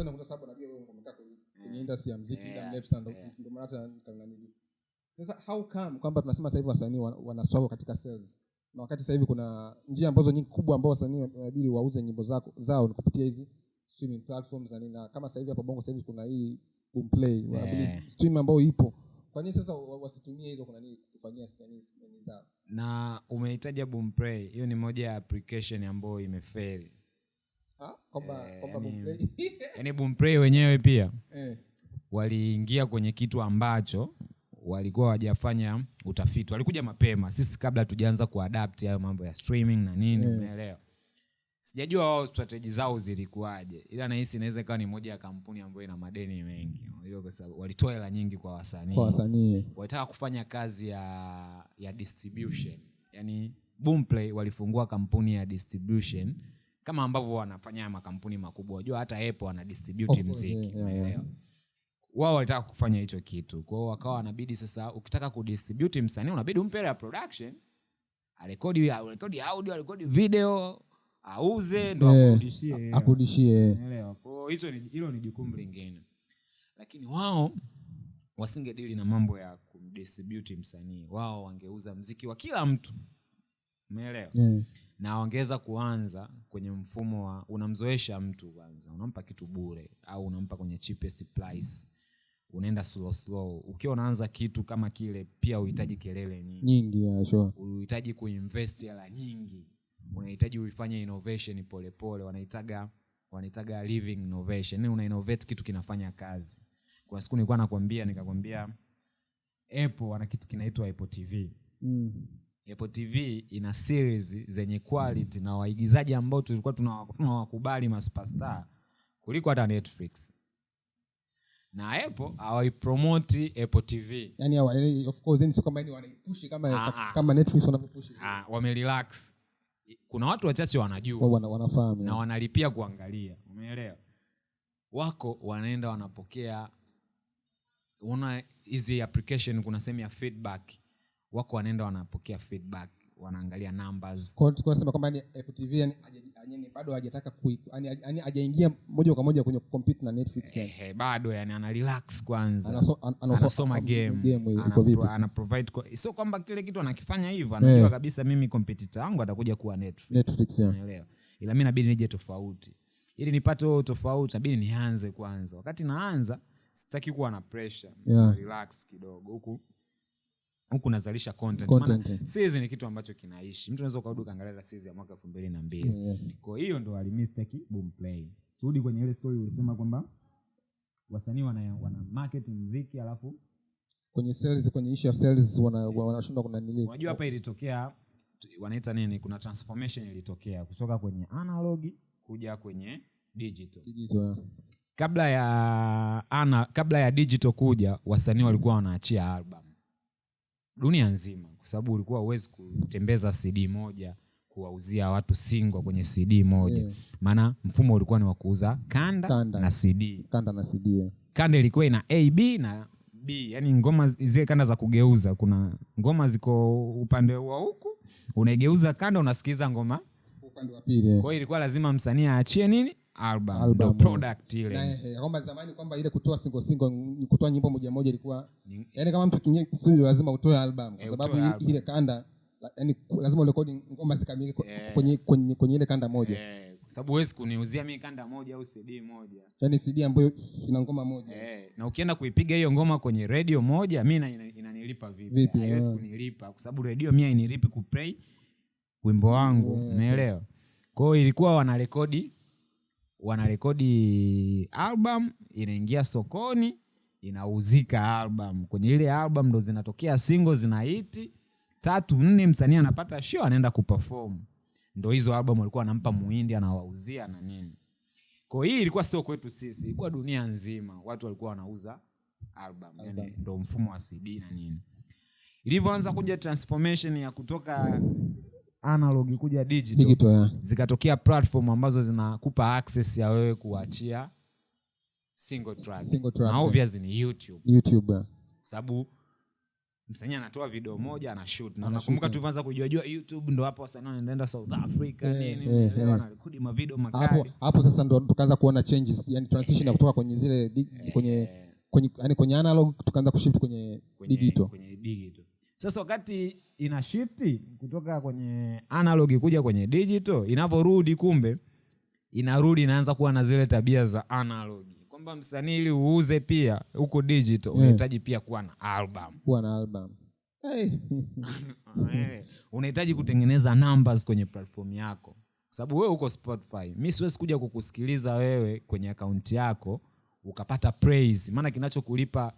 unakuta sababu wewe umekaa kwenye kwenye mm. industry ya muziki muda mrefu sana ndio maana hata sasa how come kwamba tunasema sasa hivi wasanii katika sales na wakati sasa hivi kuna njia ambazo nyingi kubwa ambao wasanii wanabidi wauze nyimbo zao ni kupitia hizi streaming platforms na nini kama sasa hivi hapa bongo sasa hivi kuna hii boomplay yeah. stream ambayo ipo kwa nini sasa wasitumie hizo kuna nini kufanyia zao na umehitaja boomplay hiyo ni moja ya application ambayo imefeli Ah, eh, yani bumpre wenyewe pia eh, waliingia kwenye kitu ambacho walikuwa wajafanya utafiti, walikuja mapema. Sisi kabla tujaanza kuadapt hayo mambo ya streaming na nini, eh. unaelewa yeah. Sijajua wao strategy zao zilikuwaje, ila nahisi inaweza ikawa ni moja ya kampuni ambayo ina madeni mengi, kwa sababu walitoa hela nyingi kwa wasanii kwa wasanii, walitaka kufanya kazi ya ya distribution, yani Boomplay walifungua kampuni ya distribution kama ambavyo wanafanya makampuni makubwa unajua hata Apple ana distribute muziki umeelewa wao walitaka kufanya hicho kitu kwao wakawa wanabidi sasa ukitaka ku distribute msanii unabidi umpe ya production arekodi arekodi audio arekodi video auze ndo akurudishie akurudishie umeelewa kwao hizo ni hilo ni jukumu lingine lakini wao wasinge wasingedili na mambo ya kumdistribute msanii wao wangeuza mziki wa kila mtu umeelewa yeah na wangeweza kuanza kwenye mfumo wa unamzoesha mtu kwanza, unampa kitu bure au unampa kwenye cheapest price, unaenda slow slow. Ukiwa unaanza kitu kama kile, pia uhitaji kelele nyingi nyingi, yeah, sure. Uhitaji kuinvest hela nyingi, unahitaji uifanye innovation polepole, wanaitaga wanaitaga living innovation, yaani una innovate kitu kinafanya kazi. Kwa siku nilikuwa nakwambia, nikakwambia Apple wana kitu kinaitwa Apple TV mm. Apple TV ina series zenye quality mm. na waigizaji ambao tulikuwa tunawakubali ma superstar kuliko hata Netflix na Apple promote Apple TV. Yaani eh, of course, yani sio kama ni yaani wanaipushi kama ah, ah. kama Netflix wanapopush. Ah, wamerelax. Kuna watu wachache wanajua Wao wana, wanafahamu na wanalipia kuangalia, umeelewa? Wako wanaenda wanapokea, una hizi application, kuna sehemu ya feedback wako wanaenda wanapokea feedback wanaangalia numbers kwa hiyo tunasema kwamba ni Apple yani yani bado hajataka yani hajaingia moja kwa moja kwenye compete na Netflix yani. Ehe, bado yani ana relax kwanza. Anaso, an, anaso, anasoma game. game iko vipi? Ana provide kwa sio kwamba kile kitu anakifanya hivyo anajua yeah. kabisa mimi competitor wangu atakuja kuwa Netflix. Netflix yeah. Unaelewa. Ila mimi inabidi nije tofauti. Ili nipate huo tofauti inabidi nianze kwanza. Wakati naanza sitaki kuwa na pressure. Yeah. Relax kidogo huku huku nazalisha content. Maana season ni kitu ambacho kinaishi. Mtu anaweza kurudi kaangalia season ya mwaka 2002. Kwa hiyo ndo alimiss yake boom play. Turudi kwenye ile story ulisema kwamba wasanii wana, wana market muziki alafu kwenye sales, kwenye issue ya sales wanashindwa kuna nini. Unajua hapa ilitokea wanaita nini, kuna transformation ilitokea kutoka kwenye analog kuja kwenye digital. Digital. Kabla ya ana, kabla ya digital kuja wasanii walikuwa wanaachia album dunia nzima, kwa sababu ulikuwa huwezi kutembeza CD moja kuwauzia watu singo kwenye CD moja, maana mfumo ulikuwa ni wa kuuza kanda, kanda na CD, kanda na CD. Kanda ilikuwa ina A, B na B, yani ngoma zile kanda za kugeuza. Kuna ngoma ziko upande wa huku, unaigeuza kanda, unasikiliza ngoma upande wa pili. Kwa hiyo ilikuwa lazima msanii aachie nini kwamba eh, zamani kwamba ile kutoa single single mm, kutoa nyimbo moja moja ilikuwa yani kama mtu lazima utoe album kwa eh, sababu ile kanda yani lazima urekodi ngoma eh. kwenye, kwenye, kwenye ile kanda moja kwa sababu huwezi kuniuzia mi kanda moja au cd moja yani cd ambayo ina ngoma moja na ukienda kuipiga hiyo ngoma kwenye redio moja mi inanilipa ina vipi haiwezi kunilipa kwa sababu kuplay wimbo wangu yeah. umeelewa kwao ilikuwa wanarekodi wanarekodi album inaingia sokoni inauzika album. Kwenye ile album ndo zinatokea single zinaiti tatu nne, msanii anapata show anaenda kuperform. Ndo hizo album walikuwa anampa muindi anawauzia na nini. Kwa hii ilikuwa sio kwetu sisi, ilikuwa dunia nzima watu walikuwa wanauza album. Yaani ndo mfumo wa CD na nini. Ilivyoanza kuja transformation ya kutoka analog kuja digital, digital yeah. Zikatokea platform ambazo zinakupa access ya wewe kuachia single track, single track na obvious yeah. Ni YouTube, YouTube yeah. Sababu msanii anatoa video mm. moja ana shoot na nakumbuka tulianza jua YouTube ndo hapo wasanii wanaenda South Africa eh, nini leo eh, eh. wanarekodi ma video makali hapo hapo, sasa ndo tukaanza kuona changes, yani transition ya kutoka kwenye zile kwenye kwenye yani kwenye analog tukaanza kushift kwenye, kwenye digital kwenye digital. Sasa wakati ina shift kutoka kwenye analog kuja kwenye digital, inavyorudi kumbe inarudi inaanza kuwa na zile tabia za analog, kwamba msanii ili uuze pia huko digital unahitaji pia kuwa na album, kuwa na album hey. unahitaji kutengeneza numbers kwenye platform yako, sababu wewe uko Spotify, mi siwezi kuja kukusikiliza wewe kwenye akaunti yako ukapata praise, maana kinachokulipa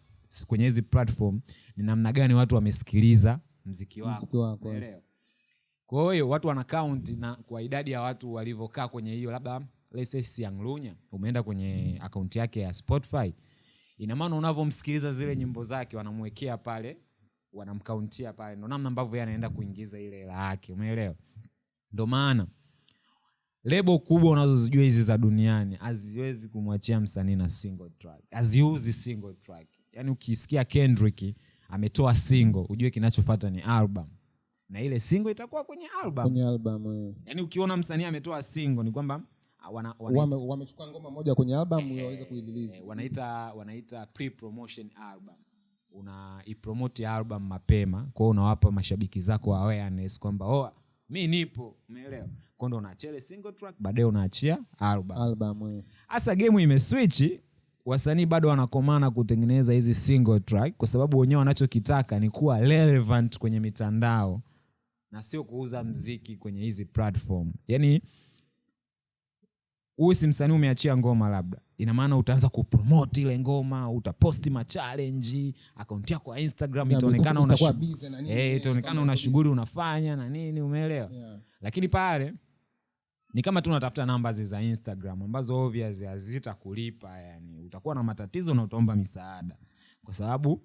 kwenye hizi platform ni namna gani watu wamesikiliza mziki wako unaelewa kwa hiyo watu wana count na kwa idadi ya watu walivyokaa kwenye hiyo labda let's say Siang umeenda kwenye akaunti yake ya Spotify ina maana unavyomsikiliza zile nyimbo zake wanamwekea pale wanamkauntia pale ndo namna ambavyo yeye anaenda kuingiza ile hela yake umeelewa ndo maana lebo kubwa unazozijua hizi za duniani haziwezi kumwachia msanii na single track haziuzi single track yani ukisikia Kendrick ametoa single, ujue kinachofuata ni album na ile single itakuwa kwenye album. Kwenye album. Eh. yani ukiona msanii ametoa single ni kwamba ah, wamechukua wame ngoma moja kwenye album eh, waweza kuirelease. Eh, wanaita wanaita pre-promotion album. una Unaipromote album mapema, kwa hiyo unawapa mashabiki zako awareness kwamba oh, mi nipo, umeelewa? Kwa ndo unaachia single track, baadaye unaachia album. Album. Eh. hasa game imeswitch wasanii bado wanakomana kutengeneza hizi single track kwa sababu wenyewe wanachokitaka ni kuwa relevant kwenye mitandao na sio kuuza mziki kwenye hizi platform. Yani huyu si msanii umeachia ngoma labda, ina maana utaanza kupromot ile ngoma, utaposti ma challenge, akaunti yako Instagram itaonekana una eh, shughuli unafanya na nini, umeelewa? Yeah. Lakini pale ni kama tu unatafuta namba za Instagram ambazo obviously hazitakulipa yani, utakuwa na matatizo na utaomba misaada, kwa sababu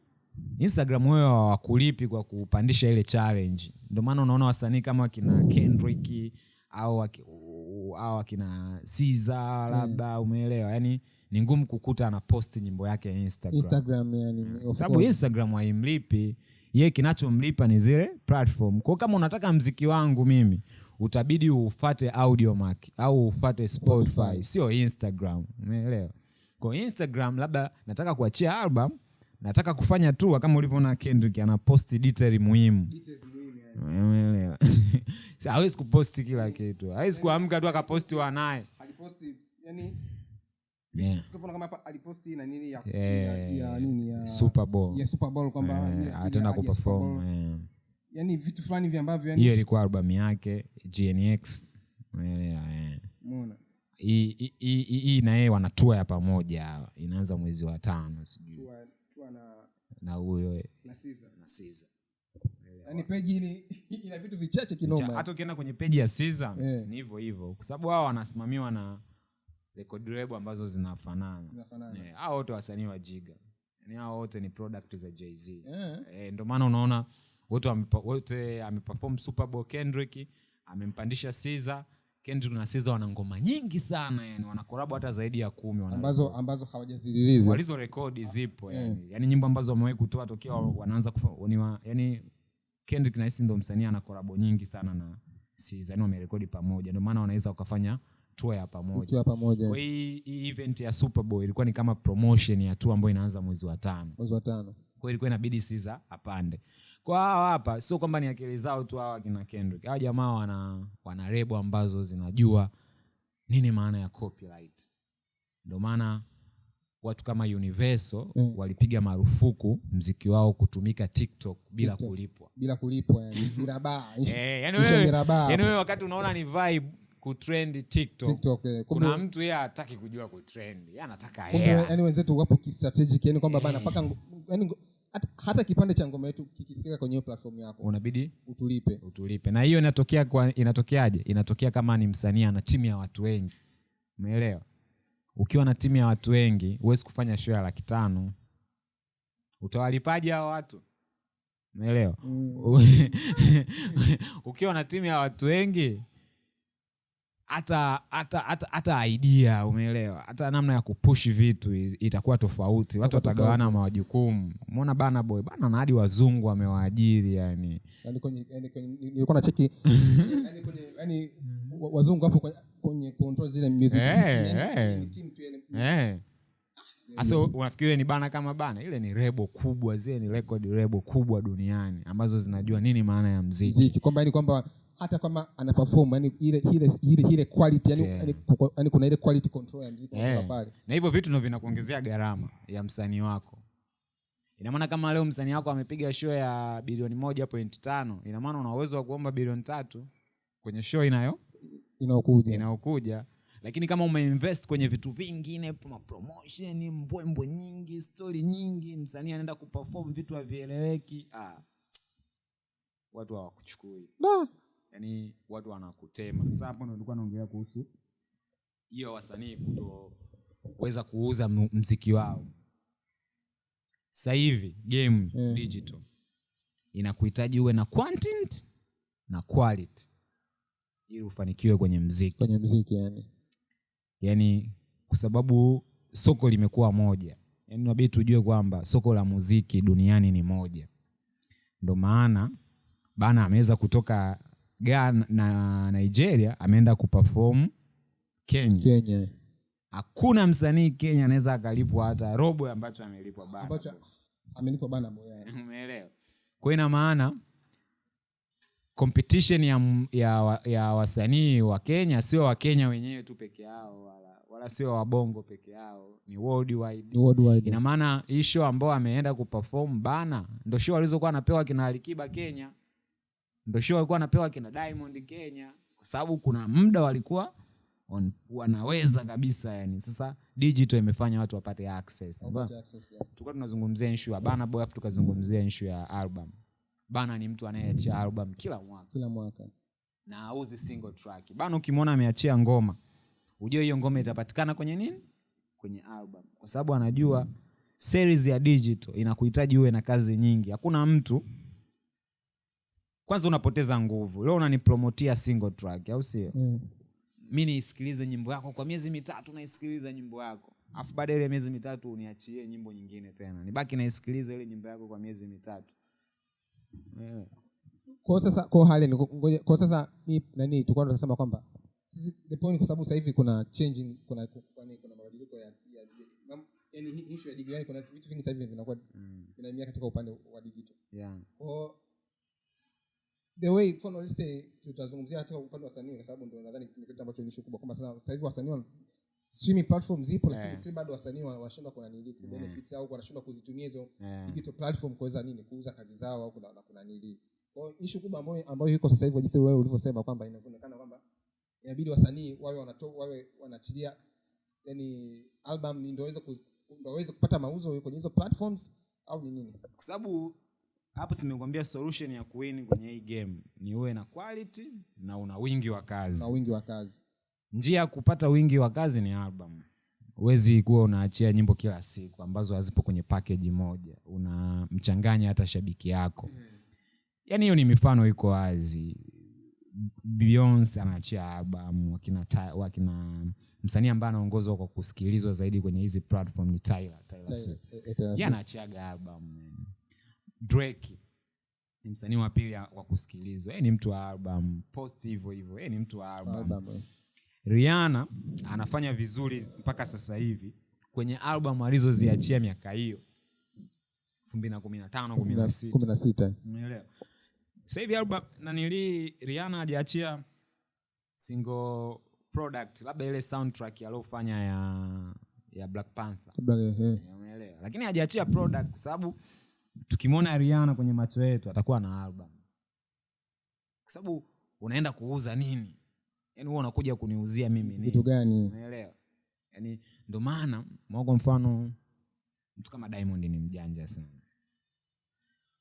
Instagram wewe hawakulipi kwa kupandisha ile challenge. Ndio maana unaona wasanii kama wakina Kendrick au au wakina Siza mm. labda, umeelewa? Yani ni ngumu kukuta ana post nyimbo yake ya Instagram, Instagram yani, sababu Instagram haimlipi yeye, kinachomlipa ni zile platform. Kwa kama unataka mziki wangu mimi utabidi ufate Audiomack au ufate Spotify, sio Instagram. Umeelewa? Kwa Instagram labda nataka kuachia album, nataka kufanya tour kama ulivyoona Kendrick anaposti detail muhimu. Umeelewa? Sasa hawezi kuposti kila kitu. Hawezi kuamka tu akaposti wanaye. Aliposti yani Yeah. Yeah. Yeah. Yeah. Yeah, Yeah. Yeah. kwamba ataenda yeah yani vitu fulani vya ambavyo yani... hiyo ilikuwa albamu yake gnx unaelewa yeah. hii na yeye wana tua ya pamoja inaanza mwezi wa tano sijui na huyo eh. na siza yani peji ili ina vitu vichache kinoma hata ukienda kwenye peji ya siza yeah. ni hivyo hivyo kwa sababu hao wanasimamiwa na rekodi lebo ambazo zinafanana eh, hao wote wasanii wa jiga yani hao wote ni product za jz yeah. e, eh, ndio maana unaona wote wote ameperform Super Bowl Kendrick amempandisha Siza Kendrick na Siza wana ngoma nyingi sana yani wana collab hata zaidi ya kumi wana ambazo ambazo hawajazidiliza walizo rekodi zipo yani yeah. Mm. yani nyimbo ambazo wamewahi kutoa tokea mm. wanaanza kufa yani Kendrick na Siza ndo msanii ana collab nyingi sana na Siza yani wamerekodi pamoja ndio maana wanaweza wakafanya tour ya pamoja tour pamoja kwa hii event ya Super Bowl ilikuwa ni kama promotion ya tour ambayo inaanza mwezi wa tano mwezi wa tano kwa ilikuwa inabidi Siza apande kwa hawa hapa sio kwamba ni akili zao tu hawa kina Kendrick. Hawa jamaa wana wana rebo ambazo zinajua nini maana ya copyright. Ndio maana watu kama Universal mm. walipiga marufuku mziki wao kutumika TikTok bila TikTok, kulipwa. Bila kulipwa yani miraba. Eh, yani wewe yani wewe wakati unaona ni vibe kutrend TikTok. TikTok eh, kumbe, kuna mtu yeye hataki kujua kutrend. Yeye anataka hela. yani wenzetu wapo kistrategic yani kwamba bana eh. paka yani hata, kipande cha ngoma yetu kikisikika kwenye platform yako unabidi utulipe, utulipe. Na hiyo inatokea kwa, inatokeaje? Inatokea kama ni msanii ana timu ya watu wengi, umeelewa? Ukiwa na timu ya watu wengi huwezi kufanya show ya laki tano, utawalipaje hao watu? Umeelewa? mm. ukiwa na timu ya watu wengi hata hata hata idea umeelewa, hata namna ya kupush vitu itakuwa tofauti, watu watagawana majukumu. Umeona bana boy bana na hadi wazungu wamewaajiri, yani yaani yaani nilikuwa na cheki yani yaani wazungu hapo kwenye control zile music eh, eh. team tu eh aso ah, ah, unafikiri ni bana kama bana ile ni rebo kubwa, zile ni record rebo kubwa duniani ambazo zinajua nini maana ya mziki, kwamba yani kwamba hata kama ana perform yani ile ile ile ile quality yani yani yeah. kuna ile quality control ya muziki yeah. pale na hivyo vitu ndio vinakuongezea gharama ya msanii wako ina maana kama leo msanii wako amepiga show ya bilioni moja point tano ina maana una uwezo wa kuomba bilioni tatu kwenye show inayo inaokuja inaokuja lakini kama umeinvest kwenye vitu vingine mapromotion mbwembwe nyingi stori nyingi msanii anaenda kuperform vitu havieleweki ah, watu hawakuchukui yani watu wanakutema. Sasa hapo ndo nilikuwa naongelea kuhusu hiyo wasanii kutoweza kuuza mziki wao. Sasa hivi game mm. digital inakuhitaji uwe na quantity na quality ili ufanikiwe kwenye mziki, kwenye mziki yani, yani kwa sababu soko limekuwa moja, yani nabidi tujue kwamba soko la muziki duniani ni moja. Ndo maana bana ameweza kutoka Ghana na Nigeria ameenda kuperform Kenya. Kenya. Hakuna msanii Kenya anaweza akalipwa hata robo ambacho amelipwa bana. Ambacho amelipwa bana Kwa ina maana competition ya, ya, ya wasanii wa Kenya sio Wakenya wenyewe tu peke yao wala, wala sio Wabongo peke yao, ni worldwide. Worldwide. Ina maana hii show ambao ameenda kuperform bana ndio show alizokuwa anapewa kina Alikiba Kenya ndo show alikuwa anapewa kina Diamond Kenya, kwa sababu kuna muda walikuwa on, wanaweza kabisa yani. Sasa digital imefanya watu wapate access, access yeah. Tulikuwa tunazungumzia issue ya bana Boy, afu tukazungumzia issue ya album. Bana ni mtu anayeachia mm-hmm. album kila mwaka, kila mwaka na auzi single track. Bana ukimwona ameachia ngoma, ujue hiyo ngoma itapatikana kwenye nini, kwenye album, kwa sababu anajua mm. series ya digital inakuhitaji uwe na kazi nyingi. Hakuna mtu kwanza unapoteza nguvu. Leo unanipromotia single track, au sio? Mm. Mi nisikilize nyimbo yako kwa miezi mitatu, naisikiliza nyimbo yako afu baada ya ile miezi mitatu uniachie nyimbo nyingine tena, nibaki naisikiliza ile nyimbo yako kwa miezi mitatu. Yeah. Kwa sasa kwa hali ni ngoja, kwa sasa mimi nani tulikuwa tunasema kwamba sisi the point, kwa sababu sasa hivi kuna changing, kuna kuna kuna mabadiliko ya ya yani issue ya digital, kuna vitu vingi sasa hivi vinakuwa mm. vinahamia katika upande wa digital. Yeah. Kwa the way mfano lise tutazungumzia hata upande wa wasanii kwa sababu ndio nadhani ni kitu ambacho ni kubwa kwamba sana sasa hivi wasanii streaming platform zipo yeah. lakini eh. bado wasanii wanashindwa kuna nili ku eh. benefits au wanashindwa kuzitumia hizo yeah. digital platform kuweza nini kuuza kazi zao au kuna kuna nili kwa hiyo issue kubwa ambayo ambayo iko sasa hivi jinsi wewe ulivyosema kwamba inaonekana kwamba inabidi wasanii wawe wanatoa wawe wanachilia yani album ndio waweze kupata mauzo kwenye hizo platforms au ni nini kwa sababu hapo simekuambia solution ya kuwin kwenye hii game ni uwe na quality na una wingi wa kazi. na wingi wa kazi. Njia ya kupata wingi wa kazi ni album. Huwezi kuwa unaachia nyimbo kila siku ambazo hazipo kwenye package moja, unamchanganya hata shabiki yako. Yaani hiyo ni mifano iko wazi. Beyonce anaachia album, wakina wakina msanii ambaye anaongozwa kwa kusikilizwa zaidi kwenye hizi platform ni Tyler, Tyler Swift. Eh, eh, Yeye anaachiaga album. Drake ni msanii wa pili wa kusikilizwa, yeye ni mtu wa album post hivyo hivyo, yeye ni mtu wa album. Album. Eh. Rihanna anafanya vizuri mpaka sasa hivi kwenye album alizoziachia miaka hiyo 2015 16 16, umeelewa? Sasa hivi album na nili Rihanna hajaachia single product, labda ile soundtrack aliyofanya ya ya Black Panther, eh. umeelewa? Lakini hajaachia product kwa sababu tukimwona ariana kwenye macho yetu atakuwa na album, kwa sababu unaenda kuuza nini? Yani wewe unakuja kuniuzia mimi nini? Kitu gani? Unaelewa? Yani ndio maana mwago, mfano mtu kama Diamond ni mjanja sana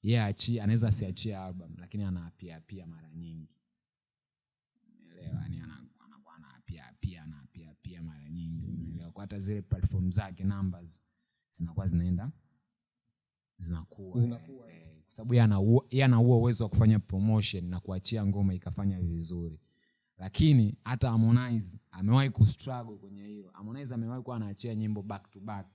yeye yeah, achi anaweza asiachie album lakini anaapia pia mara nyingi, unaelewa? Yani anakuwa anaapia pia anaapia pia mara nyingi, unaelewa? Kwa hata zile platform zake numbers zinakuwa zinaenda zinakuwa zinakuwa eh, kwa sababu yeye ana huo uwezo wa kufanya promotion na kuachia ngoma ikafanya vizuri lakini hata Harmonize amewahi kustruggle kwenye hiyo. Harmonize amewahi kuwa anaachia nyimbo back to back,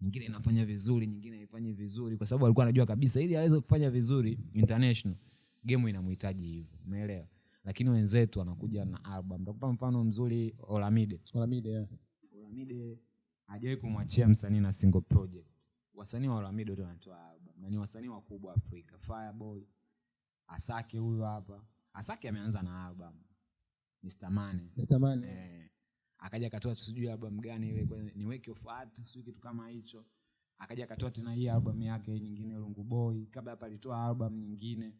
nyingine inafanya vizuri, nyingine haifanyi vizuri, kwa sababu alikuwa anajua kabisa ili aweze kufanya vizuri international game inamhitaji hivyo, umeelewa? Lakini wenzetu wanakuja na album. Nitakupa mfano mzuri Olamide. Olamide, yeah. Olamide hajawahi kumwachia msanii na single project wasanii wa Lamido ndio wanatoa album na ni wasanii wakubwa Afrika. Fireboy, Asake huyu hapa. Asake ameanza na album Mr. Money. Mr. Money. Eh, akaja akatoa sijui album gani ile ni of art sijui kitu kama hicho. Akaja akatoa tena hii album yake nyingine Lungu Boy. Kabla hapa alitoa album nyingine.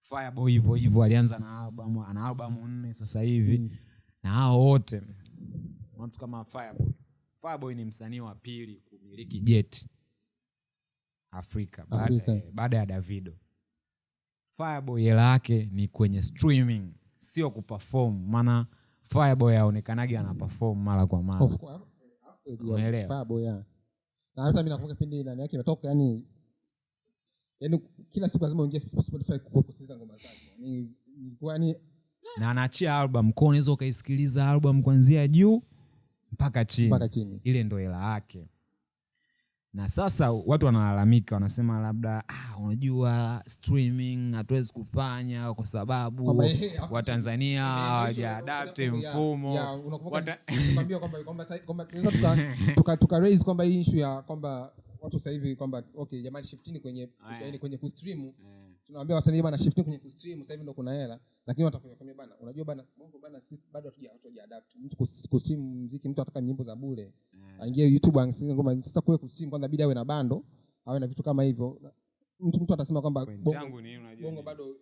Fireboy hivyo hivyo alianza na album, ana album nne sasa hivi. Mm. Na hao wote watu kama Fireboy. Fireboy ni msanii wa pili kumiliki jet Afrika, Afrika. Baada ya Davido Fireboy hela yake ni kwenye streaming, sio kuperform, maana Fireboy aonekanage ana perform mara kwa mara. Unaelewa? Na hata mimi nakumbuka pindi ndani yake yani yani kila siku lazima Spotify ngoma zake. na anaachia album kwa unaweza ukaisikiliza album kuanzia juu mpaka chini. Mpaka chini. Ile ndio hela yake na sasa watu wanalalamika, wanasema labda ah, unajua streaming hatuwezi kufanya kwa sababu eh, eh, Watanzania eh, hawajaadapte mfumo tuka kwamba hii nshu ya kwamba watu sahivi kwamba okay, jamani shiftini kwenye kwenye kustrimu tunawambia wasanii bana shiftini kwenye kustrimu sahivi ndo kuna hela lakini watakuja kwenye bana, unajua bana, bongo bana, sisi bado hatuja hatuja adapt mtu kusimu muziki, mtu ataka nyimbo za bure mm. aingie YouTube anisikize ngoma. Sasa kule kusimu kwanza bidii awe na bando, awe na vitu kama hivyo. Mtu mtu atasema kwamba bongo, bongo bado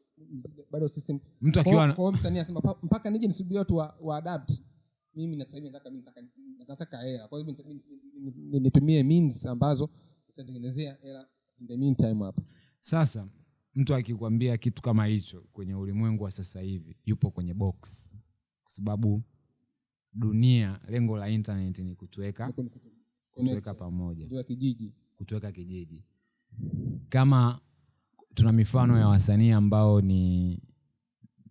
bado system, mtu akiwa kwa msanii anasema mpaka nije nisubiri watu wa, wa adapt mimi na sasa nataka mimi nataka nataka hela, kwa hivyo nitumie means ambazo zitatengenezea hela in the meantime hapo sasa mtu akikwambia kitu kama hicho kwenye ulimwengu wa sasa hivi yupo kwenye box, kwa sababu dunia, lengo la internet ni kutuweka kutuweka pamoja, kutuweka kijiji, kutuweka kijiji. Kama tuna mifano ya wasanii ambao ni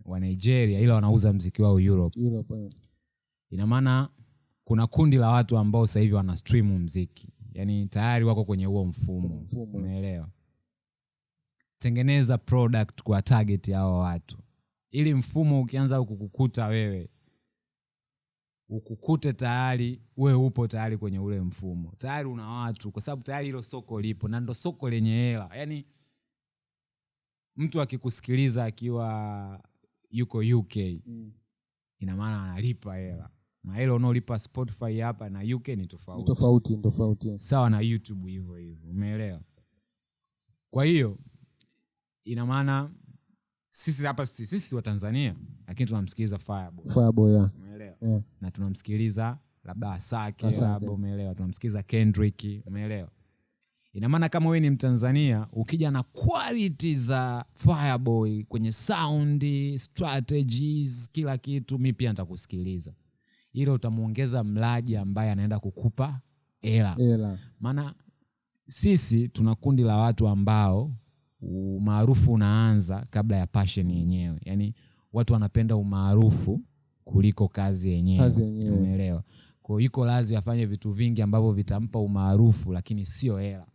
wa Nigeria, ila wanauza mziki wao Europe, Europe eh. ina maana kuna kundi la watu ambao sasa hivi wana stream mziki, yaani tayari wako kwenye huo mfumo, umeelewa? tengeneza product kwa target ya hao watu, ili mfumo ukianza kukukuta wewe ukukute tayari we upo tayari kwenye ule mfumo, tayari una watu, kwa sababu tayari hilo soko lipo na ndo soko lenye hela. Yani mtu akikusikiliza akiwa yuko UK mm. ina maana analipa hela na hela unaolipa Spotify hapa na UK ni tofauti, tofauti, tofauti sawa na YouTube hivyo hivyo, umeelewa? Kwa hiyo ina maana sisi hapa sisi wa Tanzania lakini tunamsikiliza Fireboy. Fireboy yeah. Umeelewa? Yeah. Na tunamsikiliza labda Asake, labda umeelewa, tunamsikiliza Kendrick, umeelewa? Ina maana kama wewe ni Mtanzania ukija na quality za Fireboy kwenye sound, strategies, kila kitu, mi pia nitakusikiliza. ilo utamuongeza mlaji ambaye anaenda kukupa hela. Maana sisi tuna kundi la watu ambao umaarufu unaanza kabla ya passion yenyewe. Yani watu wanapenda umaarufu kuliko kazi yenyeweumeelewa ko iko lazi afanye vitu vingi ambavyo vitampa umaarufu, lakini sio hela.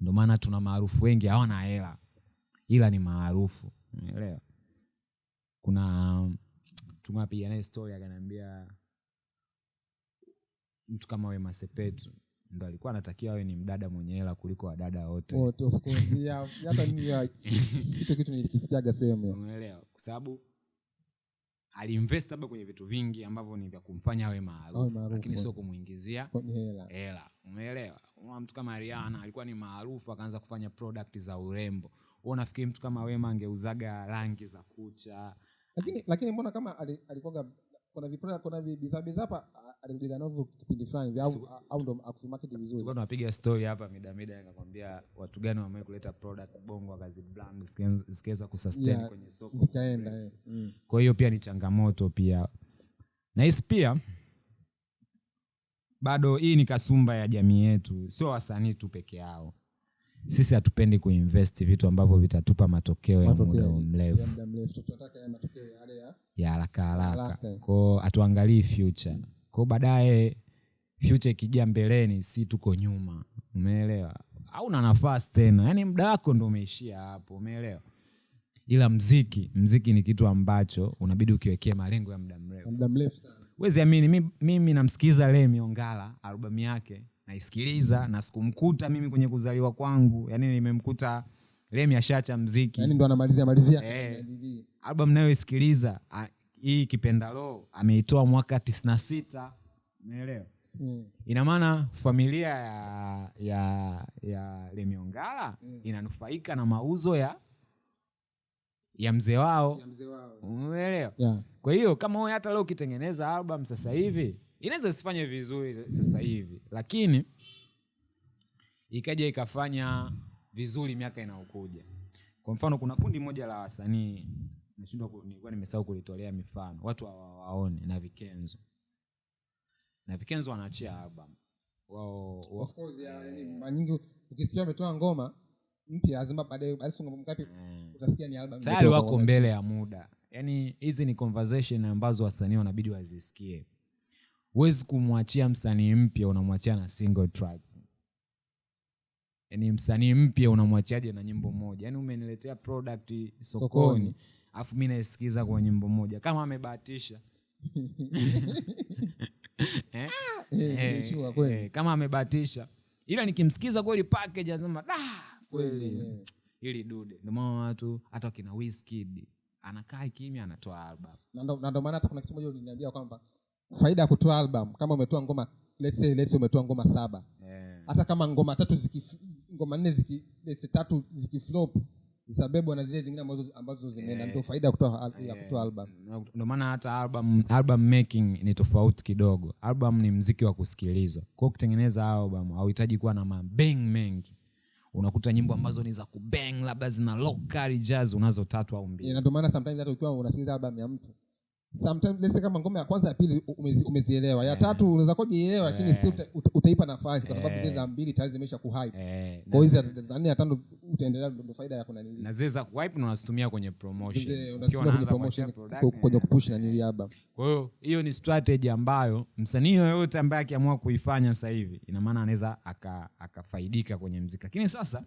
Ndio maana tuna maarufu wengi hawana hela, ila ni maarufu. Umeelewa? Kuna tunapiga naye story akanaambia mtu kama we masepetu ndo alikuwa anatakiwa awe ni mdada mwenye hela kuliko wadada wote wote of course hata mimi hicho kitu nilikisikiaga sehemu kwa sababu aliinvest labda kwenye vitu vingi ambavyo ni vya kumfanya awe maarufu lakini sio kumuingizia hela umeelewa mtu kama Rihanna alikuwa ni maarufu akaanza kufanya product za urembo wewe unafikiri mtu kama Wema angeuzaga rangi za kucha lakini lakini mbona kama alikuwa kuna vipra kuna vibizaa bizaa hapa alikujaga ah, novu kipindi fulani au au ndo akumarket vizuri. Sikuwa tunapiga story hapa mida mida, akakwambia watu gani wamewahi kuleta product bongo akazi brand zikaweza kusustain yeah, kwenye soko zikaenda eh. Mm. Kwa hiyo pia ni changamoto pia. Na hisi pia bado hii ni kasumba ya jamii yetu, sio wasanii tu peke yao sisi hatupendi kuinvest vitu ambavyo vitatupa matokeo ya muda mrefu ya haraka haraka kwao, hatuangalii future kwao baadaye future ikija mbeleni, si tuko nyuma, umeelewa? au na nafasi tena, yaani muda wako ndo umeishia hapo, umeelewa? Ila mziki, mziki ni kitu ambacho unabidi ukiwekea malengo ya muda mrefu, muda mrefu sana Wezi amini mimi, namsikiliza namsikiza miongala albamu yake naisikiliza na sikumkuta mimi kwenye kuzaliwa kwangu, yani nimemkuta Remi ashacha mziki, yani ndo anamalizia malizia eh, albamu nayoisikiliza hii Kipenda ameitoa mwaka tisini sita umeelewa? Mm. Ina maana familia ya ya ya lemiongala mm, inanufaika na mauzo ya ya mzee wao, umeelewa? Yeah. Kwa hiyo kama wewe hata leo ukitengeneza album sasa hivi inaweza sifanye vizuri sasa hivi, lakini ikaja ikafanya vizuri miaka inayokuja. Kwa mfano, kuna kundi moja la wasanii nashindwa, nilikuwa nimesahau kulitolea mifano, watu hawawaone na Vikenzo na Vikenzo wanaachia album wao, of course ya nini, mara nyingi ukisikia ametoa ngoma mpya lazima baadaye, basi ngoma mkapi eh. utasikia ni album tayari, wako mbele ya muda yani hizi ni conversation ambazo wasanii wanabidi wazisikie. Huwezi kumwachia msanii mpya unamwachia na single track. Yani msanii mpya unamwachiaje na nyimbo moja? Yani umeniletea product sokoni, afu mimi naisikiza kwa nyimbo moja, kama amebahatisha eh? Eh, eh, eh, kama amebahatisha, ila nikimsikiza kweli package, anasema da, kweli hili eh. dude. Ndio maana watu hata wakina Wizkid anakaa kimya anatoa album na ndio maana hata kuna kitu moja uliniambia kwamba faida ya kutoa album kama umetoa ngoma let's say, let's say umetoa ngoma saba yeah. hata kama ngoma tatu ziki, ngoma nne ziki, tatu flop zabebwa na zile zingine ambazo, ambazo zimeenda yeah. ndio faida ya kutoa, ya eh. kutoa album ndio maana hata album, album making ni tofauti kidogo album ni mziki wa kusikilizwa kwa ukitengeneza album hauhitaji kuwa na mabeng mengi unakuta nyimbo ambazo ni za kubang labda zina local jazz unazo tatu au mbili. Yeah, ndio maana sometimes hata ukiwa unasikiliza album ya mtu sometimes let's say kama ngoma ya kwanza ya pili umezielewa ya eh. tatu unaweza kuwa jielewa lakini eh. still utaipa nafasi kwa sababu eh. zile za mbili tayari zimesha kuhype kwa hizo za nne ya tano utaendelea ndio faida ya kuna nini na zile za hype na unazitumia kwenye promotion unazitumia kwenye promotion kwenye kupush na nini hapa kwa hiyo hiyo ni strategy ambayo msanii yoyote ambaye akiamua kuifanya sasa hivi ina maana anaweza akafaidika kwenye muziki lakini sasa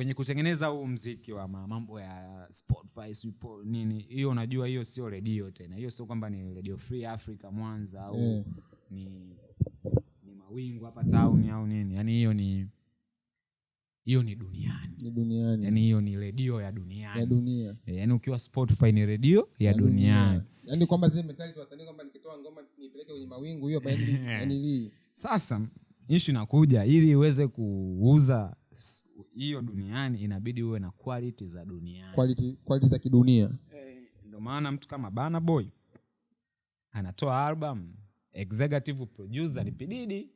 kwenye kutengeneza huu mziki wa mambo ya Spotify sipo nini, hiyo unajua, hiyo sio redio tena, hiyo sio kwamba ni Radio Free Africa Mwanza au mm. ni, ni mawingu hapa town au nini, yani hiyo ni hiyo ni duniani, ni duniani. Yani hiyo ni redio ya duniani ya dunia. Eh, yani ukiwa Spotify ni redio ya, ya duniani dunia. Yani kwamba zile metali wasanii kwamba nikitoa ngoma nipeleke kwenye mawingu hiyo bali yani hii sasa, issue inakuja ili iweze kuuza hiyo duniani inabidi uwe na quality za duniani, quality, quality za kidunia eh, ndio maana mtu kama bana Boy anatoa album executive producer ni Pididi,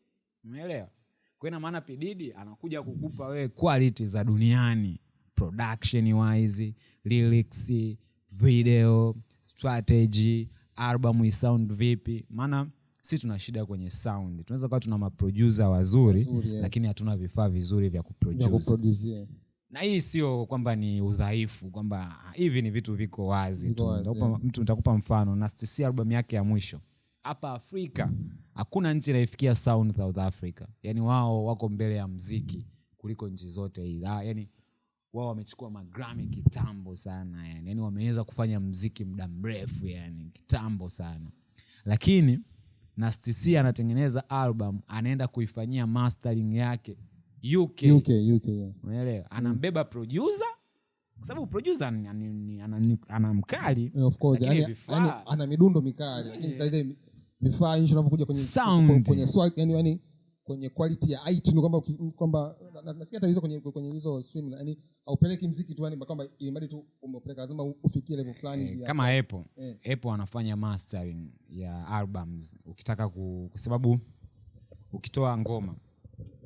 umeelewa? Kwa ina maana Pididi anakuja kukupa wewe quality za duniani production wise, lyrics, video, strategy, album isound vipi maana si tuna shida kwenye sound. Tunaweza kuwa tuna maproducer wazuri, Zuri, yeah. lakini hatuna vifaa vizuri vya kuproduce na hii sio kwamba ni udhaifu, kwamba ah, hivi ni vitu viko wazi tu yeah. Mtu nitakupa mfano Nasty C yake ya mwisho hapa Afrika hakuna nchi inaifikia sound South Africa, yani wao wako mbele ya mziki kuliko nchi zote ila, ah, yani wao wamechukua magrammy kitambo sana yani, yani wameweza kufanya mziki muda mrefu yani kitambo sana lakini na Stc anatengeneza album, anaenda kuifanyia mastering yake UK, UK, UK yeah. Unaelewa, mm. anambeba producer kwa sababu producer ana mkali ana midundo mikali, lakini eh. sasa hivi vifaa hivi vinavyokuja kwenye kwenye swag yani yani kwenye quality ya iTunes kwamba kwamba nasikia hata hizo kwenye kwenye hizo stream, yani haupeleki mziki tu, yani kwamba ilimradi tu umepeleka, lazima ufikie level fulani eh, kama Apple eh. Apple anafanya mastering ya albums ukitaka ku, kwa sababu ukitoa ngoma,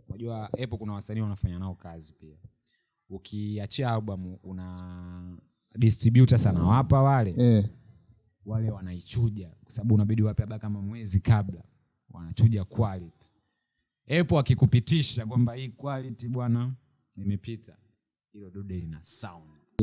unajua Apple kuna wasanii wanafanya nao kazi pia, ukiachia album una distributor sana wapa wale eh. wale wanaichuja kwa sababu unabidi wape kama mwezi kabla wanachuja quality epo akikupitisha kwamba hii quality bwana imepita, hilo dude lina sound